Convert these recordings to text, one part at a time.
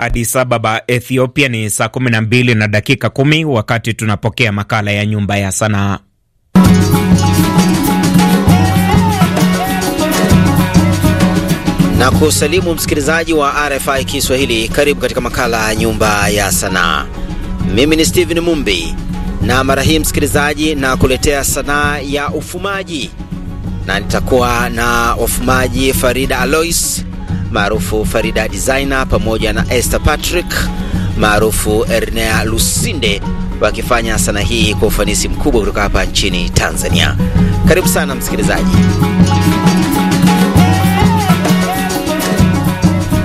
Addis Ababa, Ethiopia ni saa 12 na dakika kumi, wakati tunapokea makala ya nyumba ya sanaa. na kusalimu msikilizaji wa RFI Kiswahili. Karibu katika makala ya nyumba ya sanaa. Mimi ni Steven Mumbi na mara hii msikilizaji, na kuletea sanaa ya ufumaji, na nitakuwa na wafumaji Farida Alois maarufu Farida Designer pamoja na Esther Patrick maarufu Ernea Lusinde wakifanya sanaa hii kwa ufanisi mkubwa kutoka hapa nchini Tanzania. Karibu sana msikilizaji.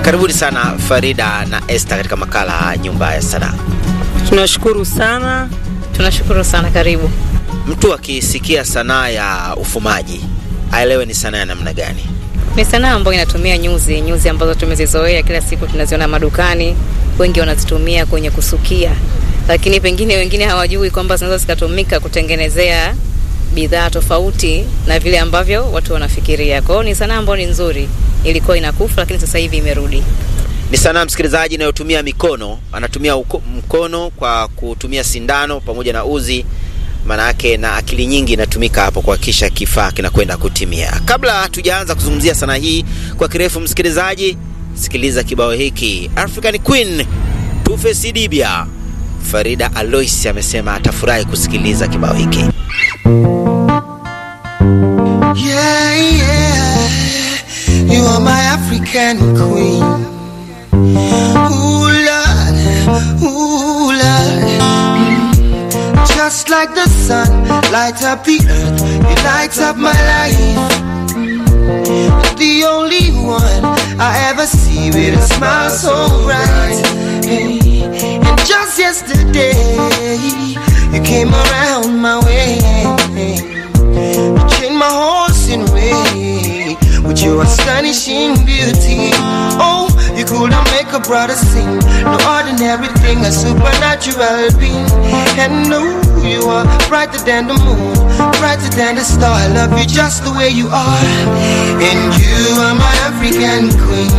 Karibuni sana Farida na Esther katika makala Nyumba ya Sanaa. Tunashukuru sana. Tunashukuru sana, karibu. Mtu akisikia sanaa ya ufumaji aelewe ni sanaa ya namna gani? Ni sanaa ambayo inatumia nyuzi, nyuzi ambazo tumezizoea kila siku tunaziona madukani, wengi wanazitumia kwenye kusukia, lakini pengine wengine hawajui kwamba zinaweza zikatumika kutengenezea bidhaa tofauti na vile ambavyo watu wanafikiria. Kwa ni sanaa ambayo ni nzuri, ilikuwa inakufa, lakini sasa hivi imerudi. Ni sanaa msikilizaji, inayotumia mikono, anatumia uko, mkono kwa kutumia sindano pamoja na uzi maanake na akili nyingi inatumika hapo kuhakikisha kifaa kinakwenda kutimia. Kabla tujaanza kuzungumzia sanaa hii kwa kirefu, msikilizaji, sikiliza kibao hiki African Queen Tufe Sidibia. Farida Alois amesema atafurahi kusikiliza kibao hiki. Yeah, yeah. You are my African Queen. sun, light up the earth, you light up my life. You're the only one I ever see with a smile so bright. And just yesterday, you came around my way. You changed my horse in way with your astonishing beauty. Oh, you could not make a brother sing. No ordinary thing, a supernatural being. And no. love you are brighter than the moon, brighter than the star. I love you just the way you are, and you are my African queen,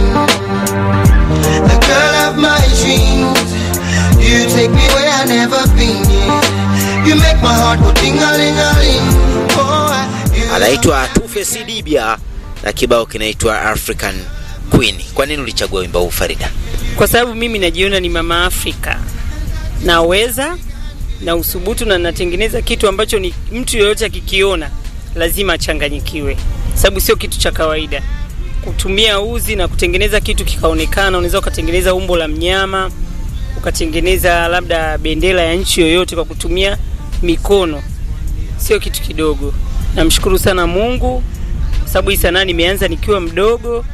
the girl of my dreams. You take me where I've never been. You make my heart go ding a ling a ling. Oh, anaitwa Tuface Idibia na kibao kinaitwa African Queen. Kwa nini ulichagua wimbo huu Farida? Kwa sababu mimi najiona ni mama Afrika, naweza na usubutu na natengeneza kitu ambacho ni mtu yoyote akikiona lazima achanganyikiwe, sababu sio kitu cha kawaida. Kutumia uzi na kutengeneza kitu kikaonekana, unaweza ukatengeneza umbo la mnyama, ukatengeneza labda bendera ya nchi yoyote kwa kutumia mikono, sio kitu kidogo. Namshukuru sana Mungu sababu hii sanaa nimeanza nikiwa mdogo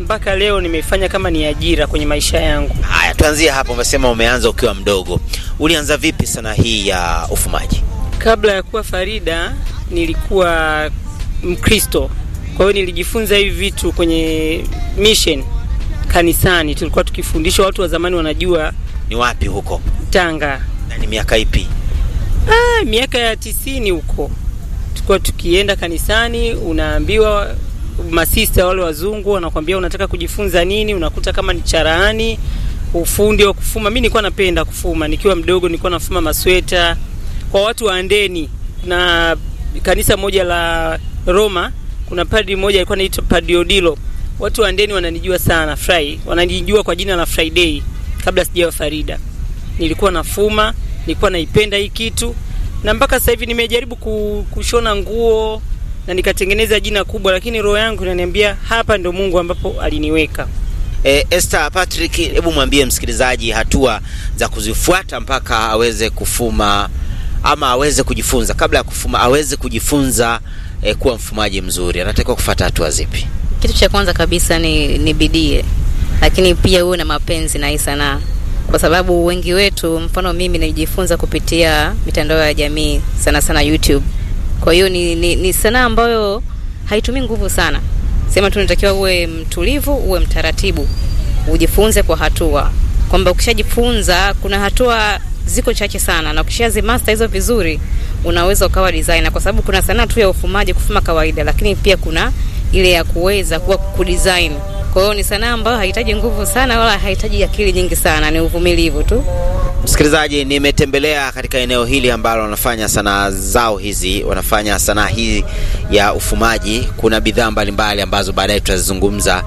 mpaka leo nimefanya kama ni ajira kwenye maisha yangu tuanzie hapo. Umesema umeanza ukiwa mdogo, ulianza vipi sanaa hii ya ufumaji? Kabla ya kuwa Farida nilikuwa Mkristo, kwa hiyo nilijifunza hivi vitu kwenye mission kanisani, tulikuwa tukifundishwa. Watu wa zamani wanajua. Ni wapi huko? Tanga. Na ni miaka ipi? Ah, miaka ya tisini huko tulikuwa tukienda kanisani, unaambiwa masista wale wazungu wanakwambia unataka kujifunza nini, unakuta kama ni charaani ufundi wa kufuma. Mimi nilikuwa napenda kufuma nikiwa mdogo, nilikuwa nafuma masweta kwa watu wa Andeni na kanisa moja la Roma. Kuna padri mmoja alikuwa anaitwa Padri Odilo. Watu wa Andeni wananijua sana Fry, wananijua kwa jina la Friday kabla sijawa Farida. Nilikuwa nafuma, nilikuwa naipenda hii kitu na mpaka sasa hivi nimejaribu kushona nguo na nikatengeneza jina kubwa, lakini roho yangu inaniambia hapa ndo Mungu ambapo aliniweka. E, Esther Patrick, hebu mwambie msikilizaji hatua za kuzifuata mpaka aweze kufuma ama aweze kujifunza, kabla ya kufuma aweze kujifunza e, kuwa mfumaji mzuri, anatakiwa kufuata hatua zipi? Kitu cha kwanza kabisa ni, ni bidii, lakini pia uwe na mapenzi na hii sanaa, kwa sababu wengi wetu, mfano mimi, nijifunza kupitia mitandao ya jamii sana sana YouTube. Kwa hiyo ni, ni, ni sanaa ambayo haitumii nguvu sana sema tu unatakiwa uwe mtulivu, uwe mtaratibu, ujifunze kwa hatua, kwamba ukishajifunza kuna hatua ziko chache sana, na ukishazi master hizo vizuri, unaweza ukawa designer, kwa sababu kuna sanaa tu ya ufumaji, kufuma kawaida, lakini pia kuna ile ya kuweza kuwa kudesign. Kwa hiyo ni sanaa ambayo haihitaji nguvu sana wala haihitaji akili nyingi sana, ni uvumilivu tu. Msikilizaji, nimetembelea katika eneo hili ambalo wanafanya sanaa zao hizi, wanafanya sanaa hii ya ufumaji. Kuna bidhaa mbalimbali ambazo baadaye tutazizungumza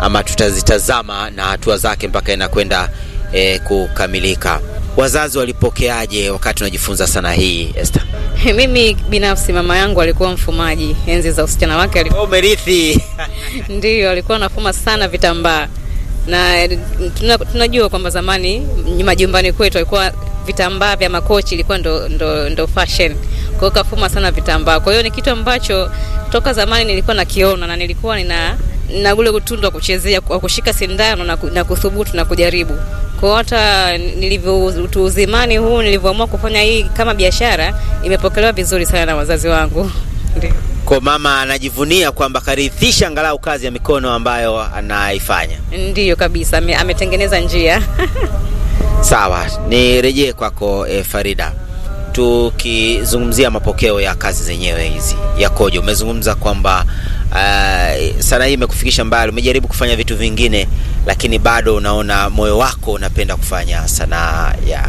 ama tutazitazama na hatua zake mpaka inakwenda e, kukamilika. Wazazi walipokeaje wakati unajifunza sanaa hii Esther? Mimi binafsi mama yangu alikuwa mfumaji enzi za usichana wake, alikuwa umerithi. Ndiyo, alikuwa anafuma sana vitambaa na tunajua kwamba zamani majumbani kwetu alikuwa vitambaa vya makochi ilikuwa ndo, ndo, ndo fashion. Kwa hiyo kafuma sana vitambaa, kwa hiyo ni kitu ambacho toka zamani nilikuwa nakiona na nilikuwa nina na ule utundu wa kuchezea wa kushika sindano na, na kuthubutu na kujaribu. Kwa hata nilivyotuuzimani huu nilivyoamua kufanya hii kama biashara, imepokelewa vizuri sana na wazazi wangu ndio. Kwa mama anajivunia kwamba karithisha angalau kazi ya mikono ambayo anaifanya. Ndiyo kabisa, ametengeneza njia Sawa, nirejee kwako e, Farida. Tukizungumzia mapokeo ya kazi zenyewe hizi yakoje? Umezungumza kwamba uh, sanaa hii imekufikisha mbali, umejaribu kufanya vitu vingine, lakini bado unaona moyo wako unapenda kufanya sanaa ya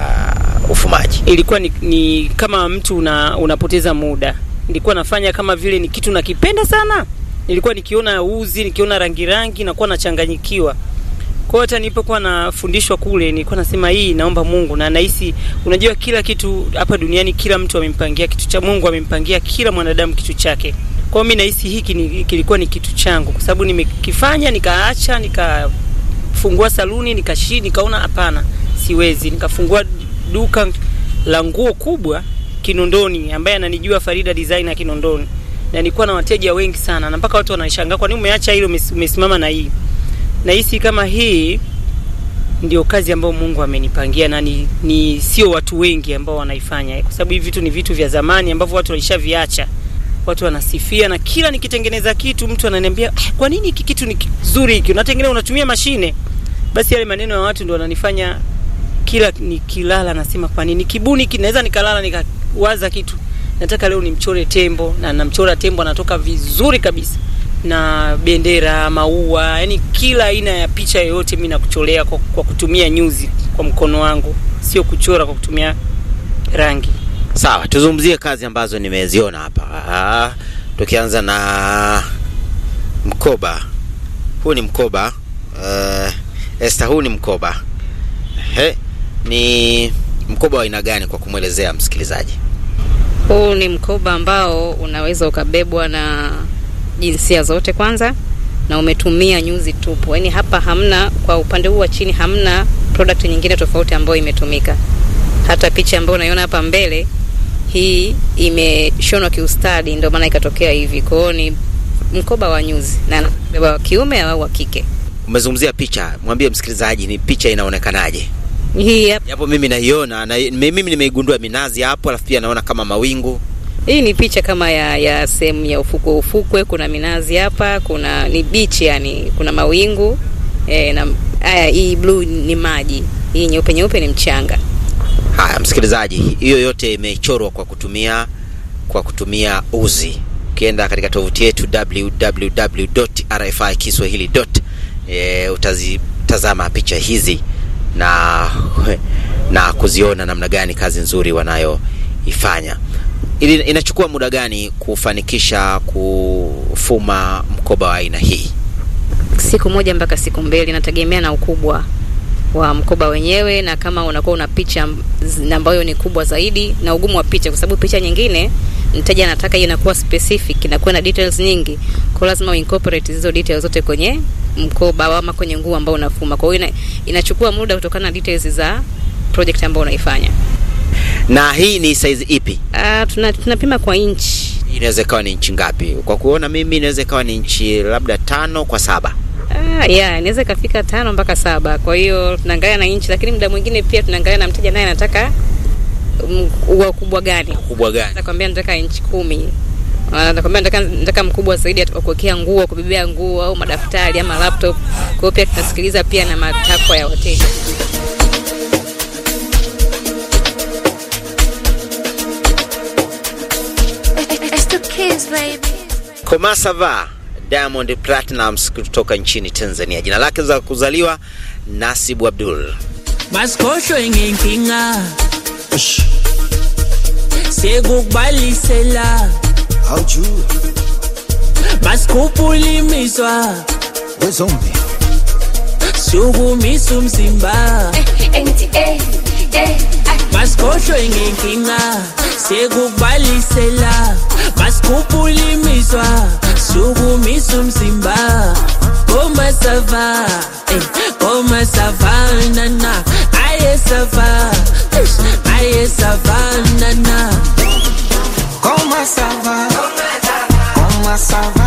ufumaji. Ilikuwa ni, ni kama mtu una, unapoteza muda nilikuwa nafanya kama vile ni kitu nakipenda sana. Nilikuwa nikiona uzi, nikiona rangi rangi, nakuwa nachanganyikiwa. Kwa hata nilipokuwa nafundishwa kule, nilikuwa nasema hii naomba Mungu, na nahisi, unajua kila kitu hapa duniani, kila mtu amempangia kitu cha Mungu, amempangia kila mwanadamu kitu chake. Kwa hiyo mimi nahisi hiki ni, kilikuwa ni kitu changu, kwa sababu nimekifanya, nikaacha, nikafungua saluni, nikashii nikaona hapana, siwezi, nikafungua duka la nguo kubwa Kinondoni ambaye ananijua Farida Design ya Kinondoni, na nilikuwa na wateja wengi sana, na mpaka watu wanashangaa kwa nini umeacha hilo umesimama na hii. Na hisi kama hii ndio kazi ambayo Mungu amenipangia na ni, ni sio watu wengi ambao wanaifanya, kwa sababu hivi vitu ni vitu vya zamani ambavyo watu walishaviacha. Watu wanasifia, na kila nikitengeneza kitu mtu ananiambia ah, kwa nini hiki kitu ni kizuri hiki unatengeneza unatumia mashine? Basi yale maneno ya watu ndio wananifanya kila nikilala nasema kwa nini kibuni kinaweza nikalala nika waza kitu, nataka leo nimchore tembo, na namchora tembo anatoka vizuri kabisa, na bendera, maua, yani kila aina ya picha yoyote mimi nakucholea kwa, kwa kutumia nyuzi kwa mkono wangu, sio kuchora kwa kutumia rangi. Sawa, tuzungumzie kazi ambazo nimeziona hapa, tukianza na mkoba. Huu ni mkoba uh, Esther, huu ni mkoba he, ni mkoba wa aina gani kwa kumwelezea msikilizaji? Huu ni mkoba ambao unaweza ukabebwa na jinsia zote kwanza, na umetumia nyuzi tupu, yaani hapa hamna, kwa upande huu wa chini hamna product nyingine tofauti ambayo imetumika. Hata picha ambayo unaiona hapa mbele hii imeshonwa kiustadi, ndio maana ikatokea hivi. Kwa hiyo ni mkoba wa nyuzi na wa kiume au wa kike. Umezungumzia picha, mwambie msikilizaji ni picha inaonekanaje? Hii Yapo mimi naiona na mimi nimeigundua minazi hapo, alafu pia naona kama mawingu. Hii ni picha kama ya ya sehemu ya ufukwe ufukwe, kuna minazi hapa, kuna ni beach yani, kuna mawingu e, na haya, hii blue ni maji, hii nyeupe nyeupe ni mchanga. Haya msikilizaji, hiyo yote imechorwa kwa kutumia kwa kutumia uzi. Ukienda katika tovuti yetu www.rfikiswahili.com, e, utazitazama picha hizi na, na kuziona namna gani kazi nzuri wanayoifanya. Ili inachukua muda gani kufanikisha kufuma mkoba wa aina hii? Siku moja mpaka siku mbili, nategemea na ukubwa wa mkoba wenyewe, na kama unakuwa una picha ambayo ni kubwa zaidi na ugumu wa picha, kwa sababu picha nyingine mteja anataka inakuwa specific, inakuwa na details nyingi, kwa lazima uincorporate hizo details zote kwenye mkoba ama kwenye nguo ambao unafuma. Kwa hiyo ina, inachukua muda kutokana na details za project ambayo unaifanya. Na hii ni size ipi? Ah, tuna, tunapima kwa inch. Inaweza ikawa ni inchi ngapi? Kwa kuona mimi inaweza ikawa ni inchi labda tano kwa saba. Ah, yeah, inaweza ikafika tano mpaka saba. Kwa hiyo tunaangalia na inchi, lakini muda mwingine pia tunaangalia na mteja naye anataka ukubwa um, gani? Ukubwa gani? Nakwambia nataka inchi kumi Nakwambia nataka nataka mkubwa zaidi wa kuwekea nguo, kubebea nguo au madaftari ama laptop. Kwa hiyo pia tunasikiliza pia na matakwa ya wateja. Komasava Diamond Platnumz kutoka nchini Tanzania. Jina lake za kuzaliwa Nasibu Abdul. Maskosho yenye kinga. sela. How'd you? Maskou pou li miswa Wezombi Sugu misu msimba eh, eh, NTA eh, ah. Maskosho ingenkina Sekubalisela miswa, Sugu misum simba. Koma sava Koma sava nana Aye sava Aye sava nana Koma sava ça va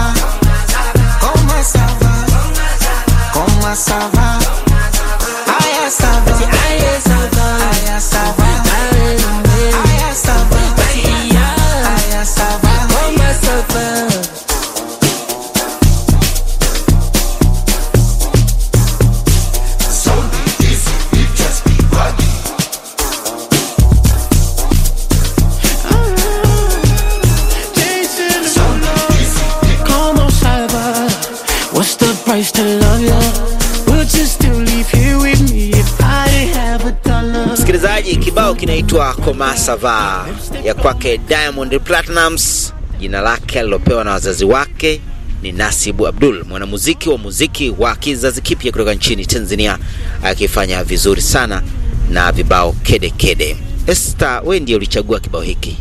Kibao kinaitwa Komasava ya kwake Diamond Platinums. jina lake alilopewa na wazazi wake ni Nasibu Abdul, mwanamuziki wa muziki wa kizazi kipya kutoka nchini Tanzania, akifanya vizuri sana na vibao kede kede. Esther, wewe ndiye ulichagua kibao hiki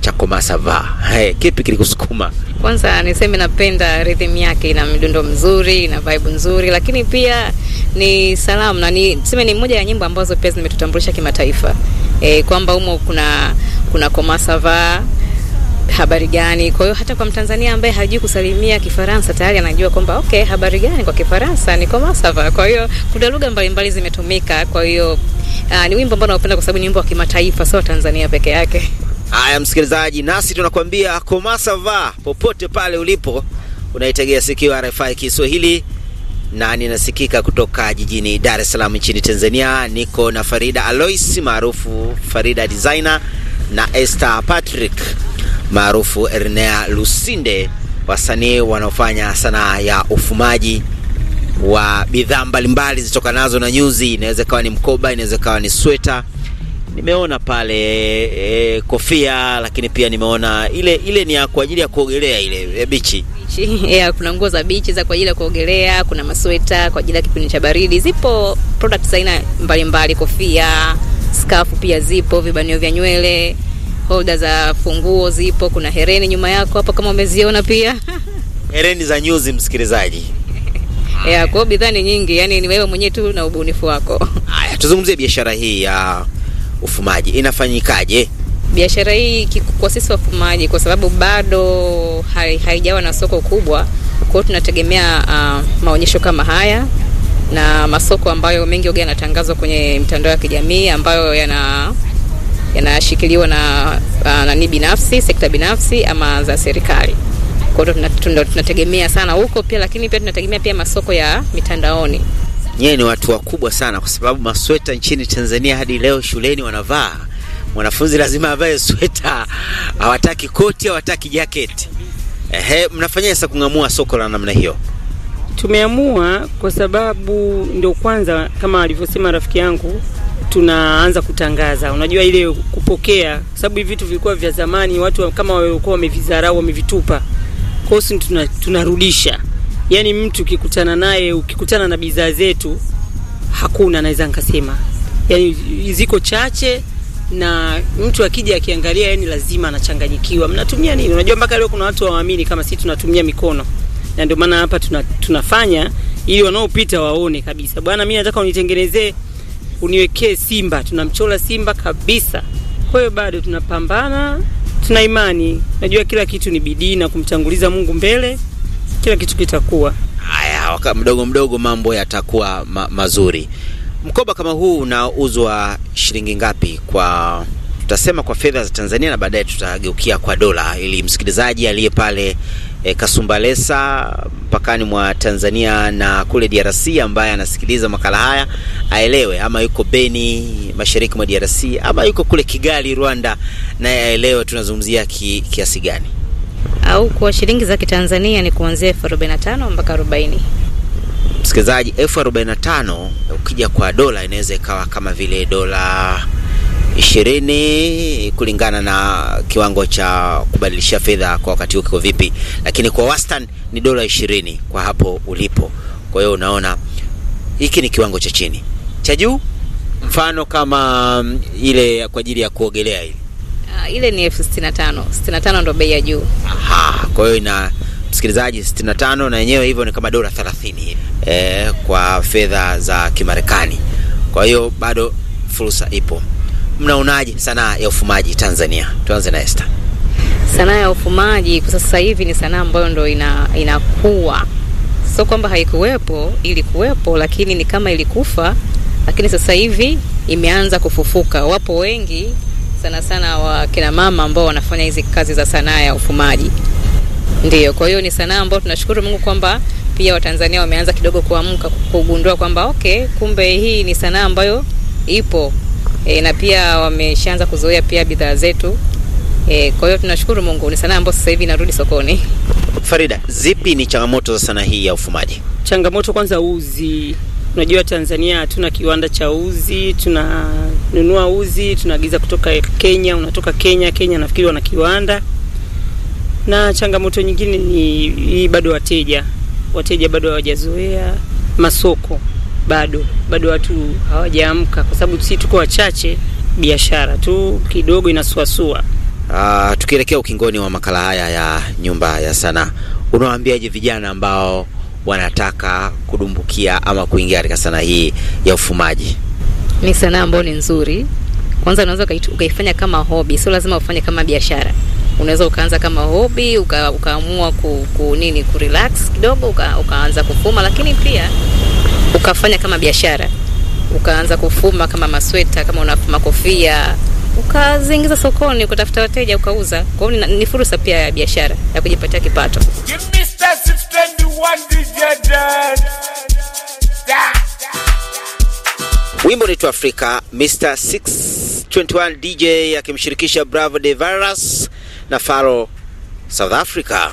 cha Komasava. Hey, kipi kilikusukuma? Kwanza niseme napenda rhythm yake, ina midundo mzuri, ina vibe nzuri, lakini pia ni salamu na ni sema ni moja ya nyimbo ambazo pia zimetutambulisha kimataifa e, kwamba humo kuna kuna Komasava habari gani. Kwa hiyo hata kwa Mtanzania ambaye hajui kusalimia Kifaransa tayari anajua kwamba okay, habari gani kwa Kifaransa ni Komasava. Kwa hiyo kuna lugha mbalimbali zimetumika, kwa hiyo ah, ni wimbo ambao naupenda kwa sababu ni wimbo wa kimataifa, sio Tanzania peke yake. Haya msikilizaji, nasi tunakwambia komasa va popote pale ulipo, unaitegea sikio RFI Kiswahili na ninasikika kutoka jijini Dar es Salaam nchini Tanzania. Niko na Farida Alois maarufu Farida Designer na Esther Patrick maarufu Ernea Lusinde, wasanii wanaofanya sanaa ya ufumaji wa bidhaa mbalimbali zitokanazo na nyuzi. Inaweza ikawa ni mkoba, inaweza ikawa ni sweta nimeona pale e, kofia, lakini pia nimeona ile ile ni ya kwa ajili ya kuogelea ile e, bichi yeah, kuna nguo za bichi za kwa ajili ya kuogelea, kuna masweta kwa ajili ya kipindi cha baridi, zipo products aina mbalimbali, kofia, skafu pia zipo, vibanio vya nywele, holder za funguo zipo, kuna hereni nyuma yako hapo kama umeziona pia hereni za nyuzi, msikilizaji yeah, kwao bidhaa ni nyingi, yani ni wewe mwenyewe tu na ubunifu wako. Haya, tuzungumzie biashara hii ya uh ufumaji inafanyikaje? Biashara hii kwa sisi wafumaji, kwa sababu bado haijawa na soko kubwa, kwa hiyo tunategemea uh, maonyesho kama haya na masoko ambayo mengi oga yanatangazwa kwenye mitandao ya kijamii ambayo yana yanashikiliwa na uh, nani binafsi, sekta binafsi ama za serikali. Kwa hiyo tunategemea sana huko pia, lakini pia tunategemea pia masoko ya mitandaoni nyewe ni watu wakubwa sana, kwa sababu masweta nchini Tanzania hadi leo shuleni wanavaa. Mwanafunzi lazima avae sweta, hawataki koti, hawataki jaketi. Ehe, mnafanyaje sasa kung'amua soko la namna hiyo? Tumeamua kwa sababu ndio kwanza, kama alivyosema rafiki yangu, tunaanza kutangaza. Unajua ile kupokea, sababu hivi vitu vilikuwa vya zamani, watu kama walikuwa wamevizarau, wamevitupa. Kwa hiyo tunarudisha tuna yani mtu ukikutana naye, ukikutana na bidhaa zetu hakuna, naweza nikasema yani ziko chache, na mtu akija akiangalia, yani lazima anachanganyikiwa, mnatumia nini? Unajua, mpaka leo kuna watu wawaamini kama sisi tunatumia mikono, na ndio maana hapa tuna, tunafanya ili wanaopita waone kabisa, bwana, mimi nataka unitengenezee, uniwekee simba. Tunamchora simba kabisa. Kwa hiyo bado tunapambana, tuna imani, najua kila kitu ni bidii na kumtanguliza Mungu mbele kila kitu kitakuwa haya, waka mdogo mdogo mambo yatakuwa ma mazuri. Mkoba kama huu unauzwa shilingi ngapi kwa tutasema kwa fedha za Tanzania na baadaye tutageukia kwa dola, ili msikilizaji aliye pale e, Kasumbalesa mpakani mwa Tanzania na kule DRC ambaye anasikiliza makala haya aelewe, ama yuko Beni mashariki mwa DRC ama yuko kule Kigali Rwanda, naye aelewe tunazungumzia ki, kiasi gani au kwa shilingi za Kitanzania ni kuanzia elfu arobaini na tano mpaka arobaini. Msikilizaji, elfu arobaini na tano ukija kwa dola inaweza ikawa kama vile dola ishirini kulingana na kiwango cha kubadilisha fedha kwa wakati huo kiko vipi, lakini kwa wastan ni dola ishirini kwa hapo ulipo. Kwa hiyo unaona hiki ni kiwango cha chini. Cha juu mfano kama mm, ile kwa ajili ya kuogelea ile Uh, ile ni elfu sitini na tano. Sitini na tano ndo bei ya juu. Aha, kwa hiyo ina msikilizaji 65 na yenyewe hivyo ni kama dola 30 eh, kwa fedha za Kimarekani. Kwa hiyo bado fursa ipo. Mnaonaje sanaa ya ufumaji Tanzania? Tuanze na Esther. Sanaa ya ufumaji kwa sasa hivi ni sanaa ambayo ndo ina inakuwa, sio kwamba haikuwepo, ilikuwepo, lakini ni kama ilikufa, lakini sasa hivi imeanza kufufuka. Wapo wengi sana sana kina mama ambao wanafanya hizi kazi za sanaa ya ufumaji. ndio kwa hiyo ni sanaa ambayo tunashukuru Mungu kwamba pia Watanzania wameanza kidogo kuamka, kugundua kwamba okay, kumbe hii ni sanaa ambayo ipo e, na pia wameshaanza kuzoea pia bidhaa zetu e, kwa hiyo tunashukuru Mungu, ni sanaa ambayo sasa hivi inarudi sokoni. Farida, zipi ni changamoto za sanaa hii ya ufumaji? Changamoto kwanza uzi Unajua Tanzania hatuna kiwanda cha uzi, tunanunua uzi, tunaagiza kutoka Kenya, unatoka Kenya. Kenya nafikiri wana kiwanda. Na changamoto nyingine ni hii, bado wateja, wateja bado hawajazoea masoko, bado bado watu hawajaamka, kwa sababu sisi tuko wachache, biashara tu kidogo inasuasua. Uh, tukielekea ukingoni wa makala haya ya nyumba ya sanaa, unawaambiaje vijana ambao wanataka kudumbukia ama kuingia katika sanaa hii ya ufumaji? Ni sanaa ambayo ni nzuri. Kwanza unaweza ukaifanya kama hobi, sio lazima ufanye kama biashara. Unaweza ukaanza kama hobi uka, ukaamua ku, ku nini ku relax kidogo uka, ukaanza kufuma, lakini pia ukafanya kama biashara, ukaanza kufuma kama masweta, kama unafuma kofia ukaziingiza sokoni, ukatafuta wateja, ukauza. Kwa hiyo ni fursa pia ya biashara ya kujipatia kipato. Wimbo ni Afrika, Mr. 621 DJ akimshirikisha Bravo De Virus na Faro South Africa.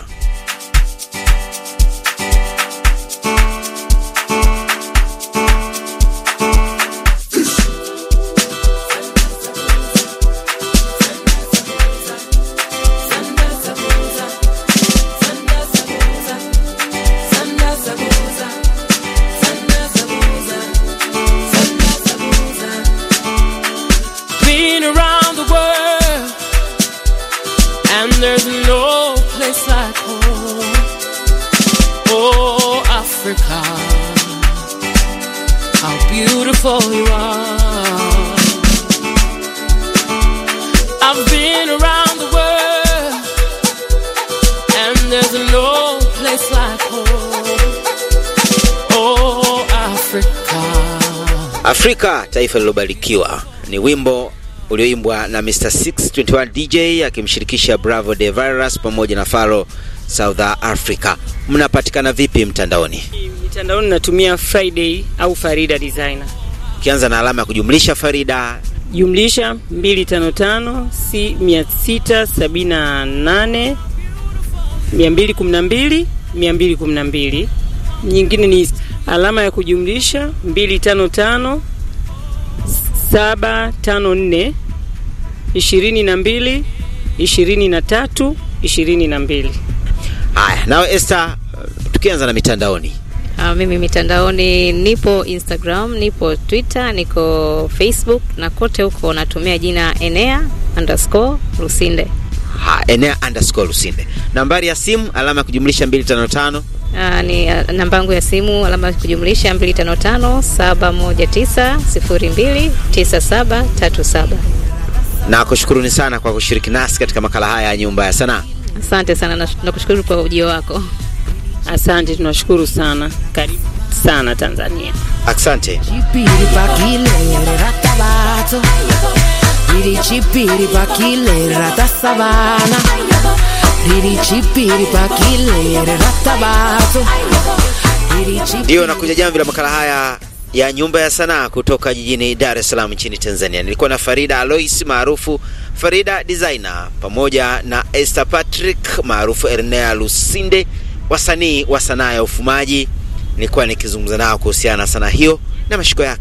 Afrika taifa lilobarikiwa ni wimbo ulioimbwa na Mr 621 DJ akimshirikisha Bravo De Virus pamoja na Faro South Africa. Mnapatikana vipi mtandaoni? Mtandaoni natumia Friday au Farida Designer, Kianza na alama ya kujumlisha Farida jumlisha 255 si 678 212 212, nyingine ni alama ya kujumlisha 255 aya Haya, nawe Esther, tukianza na mitandaoni. Ah, mimi mitandaoni nipo Instagram, nipo Twitter, niko Facebook na kote huko natumia jina Enea underscore Lusinde. Ha, Enea underscore Lusinde. Nambari ya simu alama ya kujumlisha 255 Aa, ah, ni ah, namba yangu ya simu alama kujumlisha 255719029737. Na kushukuruni sana kwa kushiriki nasi katika makala haya ya Nyumba ya Sanaa. Asante sana, na nakushukuru kwa ujio wako. Asante, tunashukuru sana. Karibu sana Tanzania. Asante ndio nakuja jamvi la makala haya ya nyumba ya sanaa kutoka jijini Dar es Salaam nchini Tanzania. Nilikuwa na Farida Alois maarufu Farida Designer pamoja na Esther Patrick maarufu Ernea Lusinde, wasanii wa sanaa ya ufumaji. Nilikuwa nikizungumza nao kuhusiana na sanaa hiyo na mashiko yake.